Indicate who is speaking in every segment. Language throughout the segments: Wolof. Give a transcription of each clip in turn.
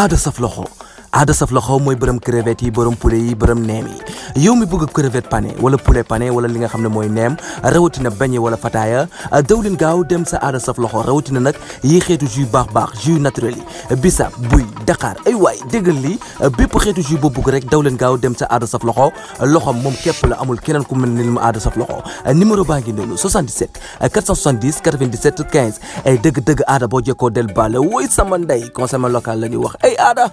Speaker 1: aada saf loxo aada saf loxo mooy borom crevettes yi borom poulet yi borom neem yi yow mi bëgg crevette pané wala poulet pané wala li nga xam ne mooy neem rawatina beñe wala fataaya daw leen gaaw dem sa aada saf loxo rawatina nag yi xeetu jus baax baax jus naturel yi bisab buy daqaar ay waay déggal li bépp xeetu jus boo bëgg rek daw leen gaaw dem sa aada saf loxo loxom moom képp la amul keneen ku mel ni mu aada saf loxo numéro baa ngi noonu 77 470 97 15 ay dëgg-dëgg aada boo jekkoo del baale woy sama ndey consommé local la ñuy wax
Speaker 2: ay aada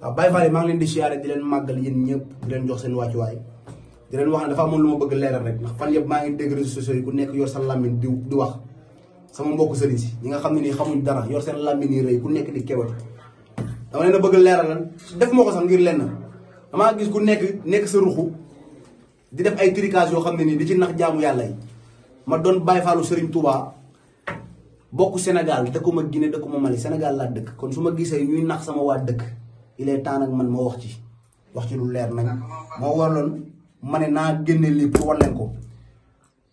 Speaker 2: waaw Baye Fall yi maa ngi leen di siyaare di leen màggal yéen ñëpp di leen jox seen wàccuwaay di leen wax ne dafa amoon lu ma bëgg leeral ndax fan yëpp maa ngi dégg réseaux sociaux nekk yor sa làmmiñ di di wax sama mbokk sëriñ si ñi nga xam nii xamuñ dara yor seen làmmiñ yi ku nekk di kewal dama leen a bëgg leeralal def moo ko ngir lenn damaa gis ku nekk nekk sa ruxu di def ay tricage yoo xam ne nii di ci nax jaamu yàlla ma doon Baye Fallu Sëriñ Touba bokk Sénégal dëkkuma Guinée dëkkuma Mali Sénégal laa dëkk kon su ma gisee ñuy nax sama waa dëkk il est temps nag man ma wax ci wax ci lu leer nañ moo warloon ma ne naa génne lii pour war ko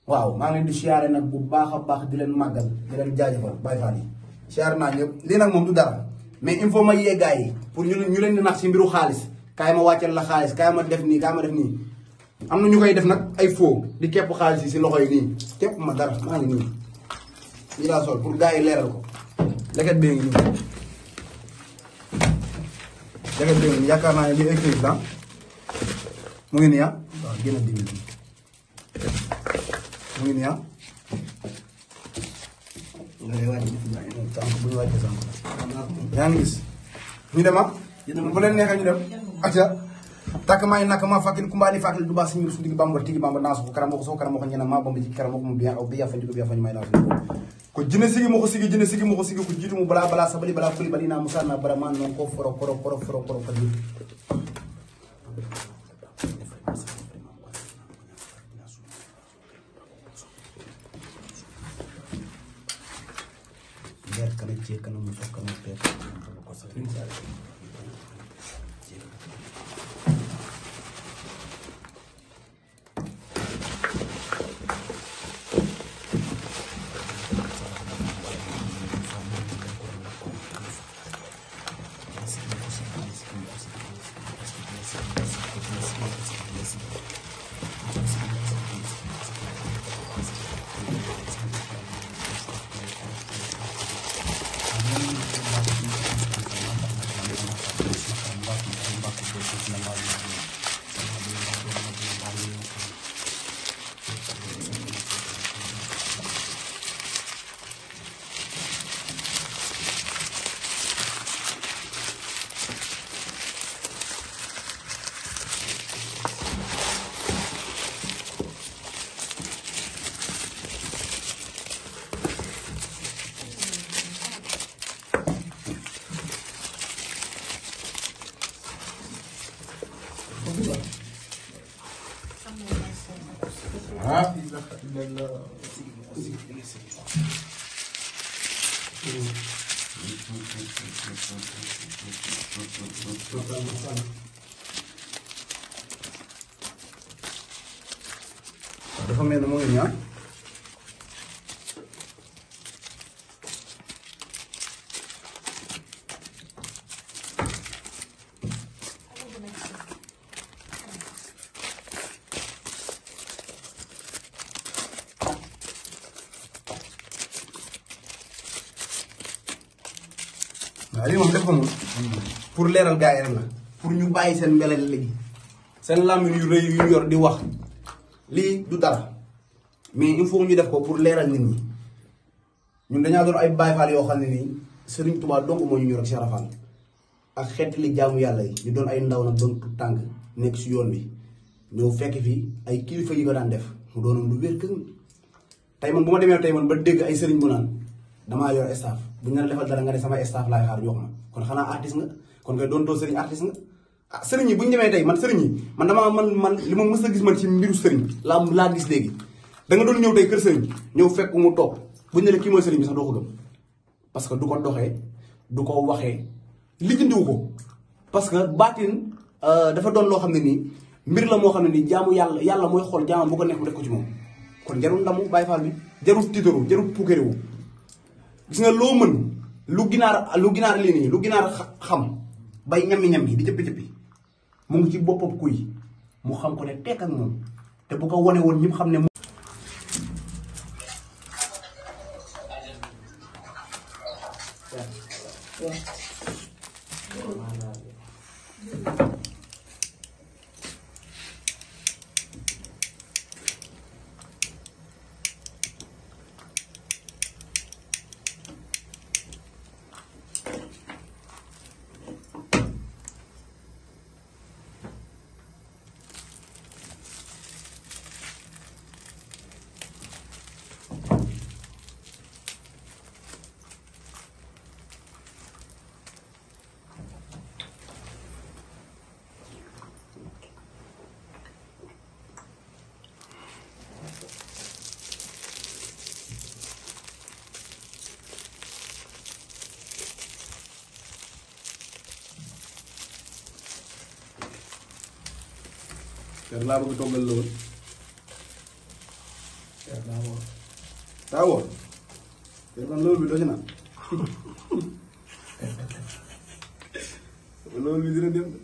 Speaker 2: waaw maa ngi leen di siyaare nag bu baax a baax di leen màggal di leen jaajëfal bàyyi faa yi siyaare naa ñëpp lii nag moom du dara mais il faut ma yee gars yi pour ñu ñu leen di nax si mbiru xaalis kaay ma wàccee la xaalis kaay ma def nii kaay ma def nii am na ñu koy def nag ay faux di képp xaalis yi si loxo yi nii képp ma dara maa ngi nii lii sol pour gars yi leeral ko leket tegal diwlin yaakaar naa ne li écrire mu ngi nii ah waaw génn diwlin mu ngi nii ah. yaa ngi gis ñu dem ah. bu leen neexee ñu dem. acca takamayi nakama fakil kumbani fakil duba sinir sudigi bambor tigi bambor nasu karamoko so karamoko nyana ma bamba jiki karamoko mu biya o biya fanji biya fanji may nasu ko jine sigi moko sigi jine sigi moko sigi ko jitu bala bala sabali bala kuli bali na musa na bara man non ko foro koro koro foro dafa mel ne mu ngi ñor waaw lii moom def ko moom pour leeral gars yi la pour ñu bàyyi seen mbelel léegi seen làmmiñ yu rëy yu yor di wax lii du dara mais il foofu ñu def ko pour leeral nit ñi ñun dañaa doon ay Baay Faal yoo xam ne nii Serigne Touba dong moo ñu ñor ak Cheikh Fall ak xeet li jaamu yàlla yi ñu doon ay ndaw nag doon tàng nekk si yoon bi ñëw fekk fii ay kilifa yi ko daan def mu doonoon lu wér kër tey man bu ma demee tey man ba dégg ay sëriñ bu naan damaa yor staff buñ la defal dara nga ne samay staff laay xaar ñu wax ma kon nga doon doo sëriñ artiste nga ah, bu ñu tey man sëriñ yi man damaa man man li ma mës a gis man ci mbiru sëriñ laa laa gis léegi da doon ñëw tey kër sëriñ ñëw fekk mu toog buñ ne la kii mooy sëriñ bi sax doo ko parce que du ko doxee du ko waxee lijjantiwu ko parce que baatin euh, dafa doon loo xam ne nii mbir la moo xam ne nii jaamu yàlla yàlla mooy xool jaamam bu ko nekk mu def ko ci moom kon jarul ndamu Baay Faal bi jarul tiitaru jarul pukkariwu gis loo mën lu ginaar lu ginaar lii lu ginaar xam bay ñami ñami di jëppi jëppi mu ngi ci boppam kuy mu xam ko ne tekk ak moom te bu ko wane woon ñëpp xam ne. ker laa bëgg toggal la woon ker daa woor daa woor ker man loolu bi doo ci naan loolu bi dina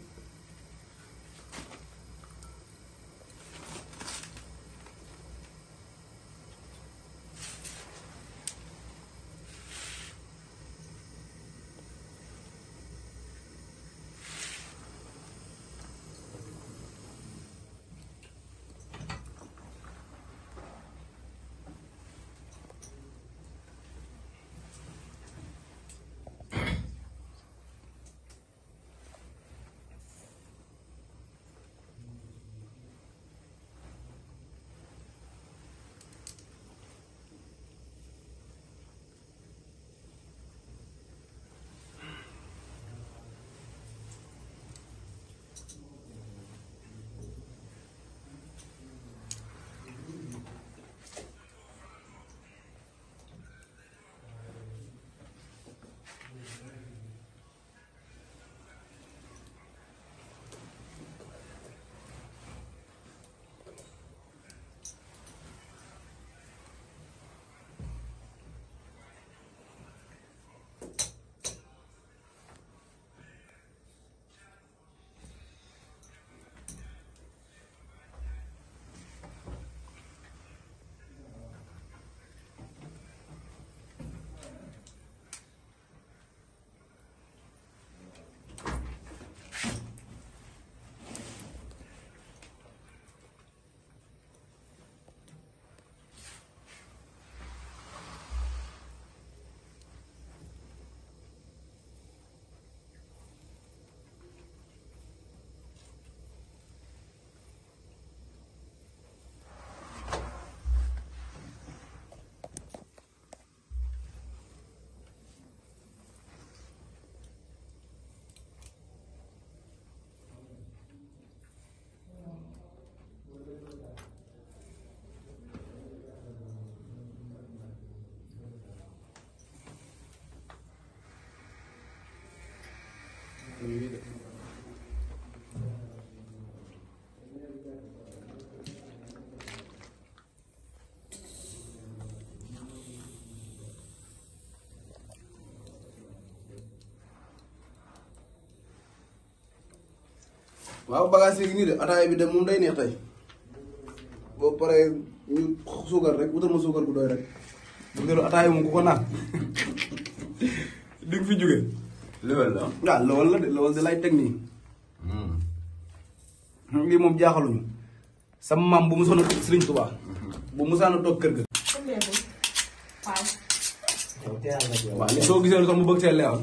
Speaker 2: waaw bagage yi nii de ataaya bi de moom day neex tey boo paree suukar rek wutal ma suukar bu doy rek bu dee ataaya moom ku ko naan di fi jóge lool la de lool de lay teg nii hmm. Hmm, lii moom jaaxaluñu sama maam bu mu soxla Sëriñ bu mu saana kër ga waaw li soo gisee lu tax mu bëgg see leewal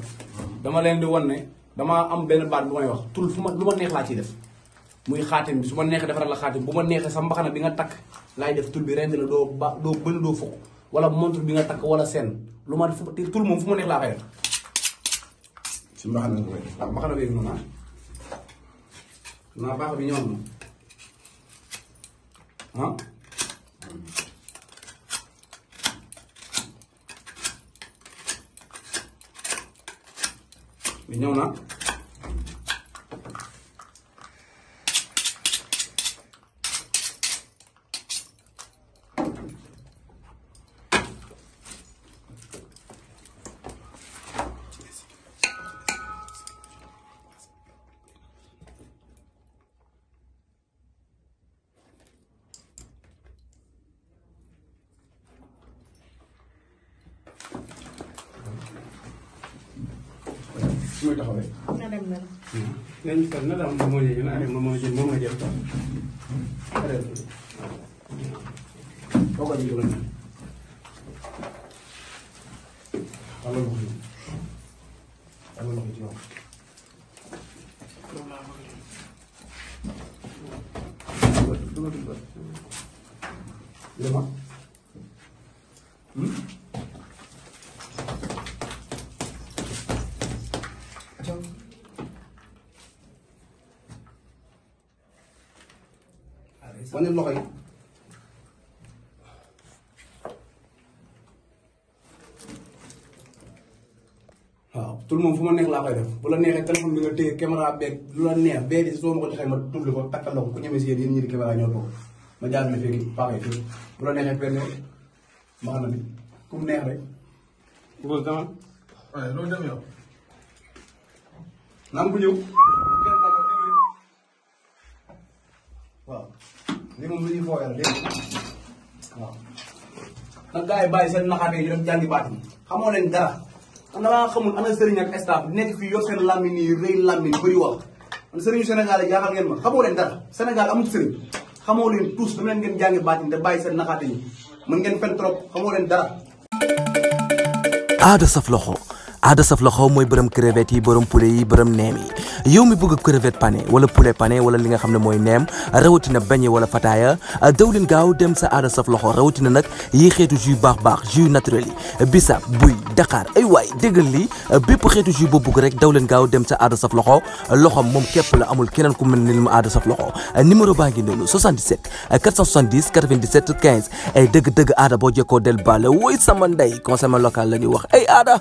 Speaker 2: dama leen di wan ne damaa am benn baat bu may wax tul fu ma lu ma neex laa ciy def muy xaatim bi su ma neexee defaral la xaatim bu ma neexee sa mbaxana bi nga takk laay def tul bi rend la doo ba doo bënn doo fukk wala montre bi nga takk wala seen lu ma tul moom fu ma neex laa koy def si mbaxana bi noonu naa baax bi ñoom na ñëw na koy taxawee. na dem na la. nañ ko na daan moo jël naa dem moom moo jël moom nga jël taw. waaw. boo ko Thank you. waneen loxo yi waaw tul moom fu ma nekk laa koy def bu la neexee téléphone bi nga téye caméra beeg lu la neex bee di soo ma ko joxee ma tubli ko takkal la ku ñeme si yéen yéen ñi di ñoo bokk ma jaar na fii paaxee fii bu la neexee benn ma xam ne ku mu neex rek. Gouz dama. waaye loolu dem yow. naam bu ñëw. waaw. lii moom lu ñuy fooyal léegi waaw. nag gars yi seen naxaate yi dem jàngi baat xamoo leen dara man damaa xamul ana sëriñ ak staff nekk fii yor seen làmmiñ yi rëy làmmiñ bëri wax sëriñu Sénégal yi jaaxal ngeen ma xamoo leen dara Sénégal amul sëriñ xamoo leen tous dama leen ngeen jàngi baat yi te bàyyi seen naxaate yi mën ngeen fen trop xamoo leen dara.
Speaker 1: aada saf loxo. aada saf loxo mooy borom crevettes yi borom poulet yi borom neem yi yow mi bëgg crevette pane wala poulet pané wala li nga xam ne mooy neem rawatina beñe wala fataaya daw leen gaaw dem sa aada saf loxo rawatina nag yi xeetu jus baax baax jus naturel yi bisaab buy daqaar ay waay déggal li bépp xeetu jus boo bëgg rek daw leen gaaw dem sa aada saf loxo loxom moom képp la amul keneen ku na ni mu aada saf loxo baa ngi noonu 77 470 97 15 ay dëgg-dëgg aada boo jekkoo del baale woy sama ndey conseil local la ñuy wax ay aada